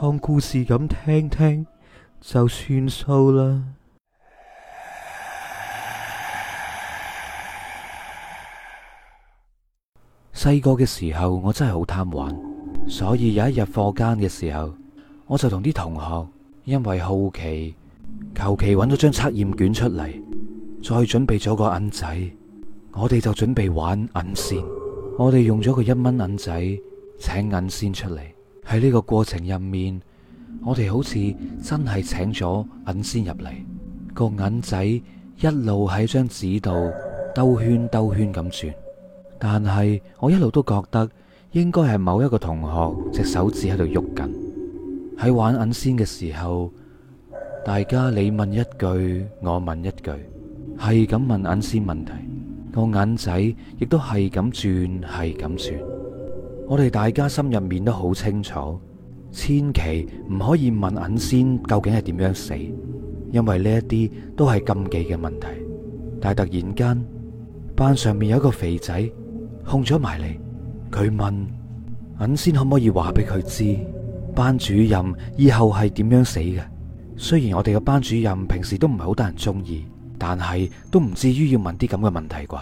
當故事咁聽聽就算數啦。細個嘅時候，我真係好貪玩，所以有一日課間嘅時候，我就同啲同學因為好奇，求其揾咗張測驗卷出嚟，再準備咗個銀仔，我哋就準備玩銀仙。我哋用咗個一蚊銀仔，請銀仙出嚟。喺呢個過程入面，我哋好似真係請咗銀仙入嚟，個銀仔一路喺張紙度兜圈兜圈咁轉，但係我一路都覺得應該係某一個同學隻手指喺度喐緊。喺玩銀仙嘅時候，大家你問一句，我問一句，係咁問銀仙問題，個銀仔亦都係咁轉，係咁轉。我哋大家心入面都好清楚，千祈唔可以問銀仙究竟係點樣死，因為呢一啲都係禁忌嘅問題。但係突然間，班上面有一個肥仔控咗埋嚟，佢問銀仙可唔可以話俾佢知，班主任以後係點樣死嘅？雖然我哋嘅班主任平時都唔係好多人中意，但係都唔至於要問啲咁嘅問題啩。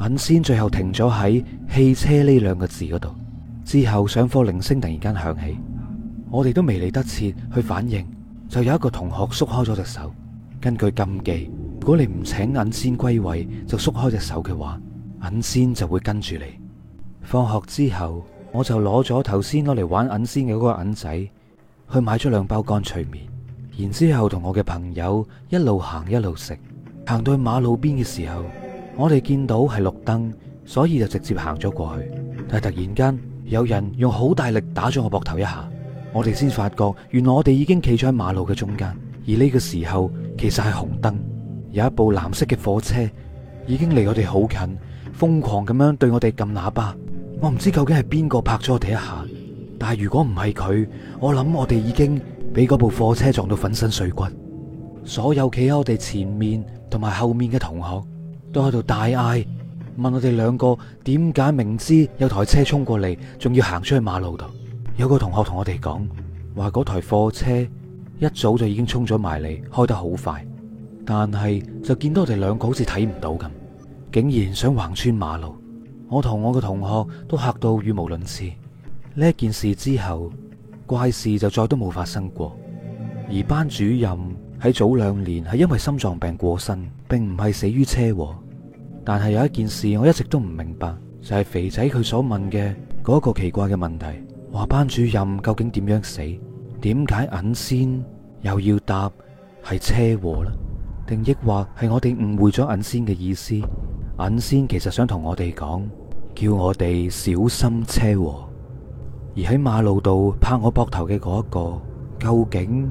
銀仙最後停咗喺汽車呢兩個字嗰度，之後上課鈴聲突然間響起，我哋都未嚟得切去反應，就有一個同學縮開咗隻手。根據禁忌，如果你唔請銀仙歸位就縮開隻手嘅話，銀仙就會跟住你。放學之後，我就攞咗頭先攞嚟玩銀仙嘅嗰個銀仔，去買咗兩包乾脆麵，然之後同我嘅朋友一路行一路食，行到去馬路邊嘅時候。我哋見到係綠燈，所以就直接行咗過去。但係突然間，有人用好大力打咗我膊頭一下，我哋先發覺，原來我哋已經企咗喺馬路嘅中間。而呢個時候，其實係紅燈，有一部藍色嘅火車已經離我哋好近，瘋狂咁樣對我哋撳喇叭。我唔知究竟係邊個拍咗我哋一下，但係如果唔係佢，我諗我哋已經俾嗰部火車撞到粉身碎骨。所有企喺我哋前面同埋後面嘅同學。都喺度大嗌，問我哋兩個點解明知有台車衝過嚟，仲要行出去馬路度？有個同學同我哋講，話嗰台貨車一早就已經衝咗埋嚟，開得好快，但係就見到我哋兩個好似睇唔到咁，竟然想橫穿馬路。我同我嘅同學都嚇到語無倫次。呢件事之後，怪事就再都冇發生過，而班主任，喺早兩年係因為心臟病過身，並唔係死於車禍。但係有一件事我一直都唔明白，就係肥仔佢所問嘅嗰個奇怪嘅問題，話班主任究竟點樣死？點解銀仙又要答係車禍呢？定抑或係我哋誤會咗銀仙嘅意思？銀仙其實想同我哋講，叫我哋小心車禍。而喺馬路度拍我膊頭嘅嗰一個，究竟？